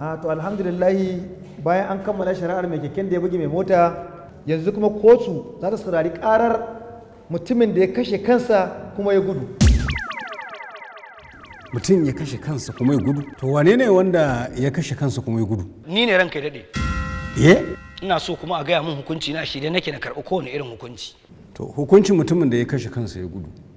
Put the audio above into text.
a ah, to alhamdulillahi bayan an kammala shari'ar mai keken da ya buge mai mota yanzu kuma kotu za ta saurari karar mutumin da ya kashe kansa kuma ya gudu mutum ya kashe kansa kuma ya gudu to wane ne wanda ya kashe kansa kuma ya gudu ni ne ranka dade ye eh? ina so kuma a gaya min hukunci na shirye nake na karɓi kowane irin hukunci to hukuncin mutumin da ya kashe kansa ya gudu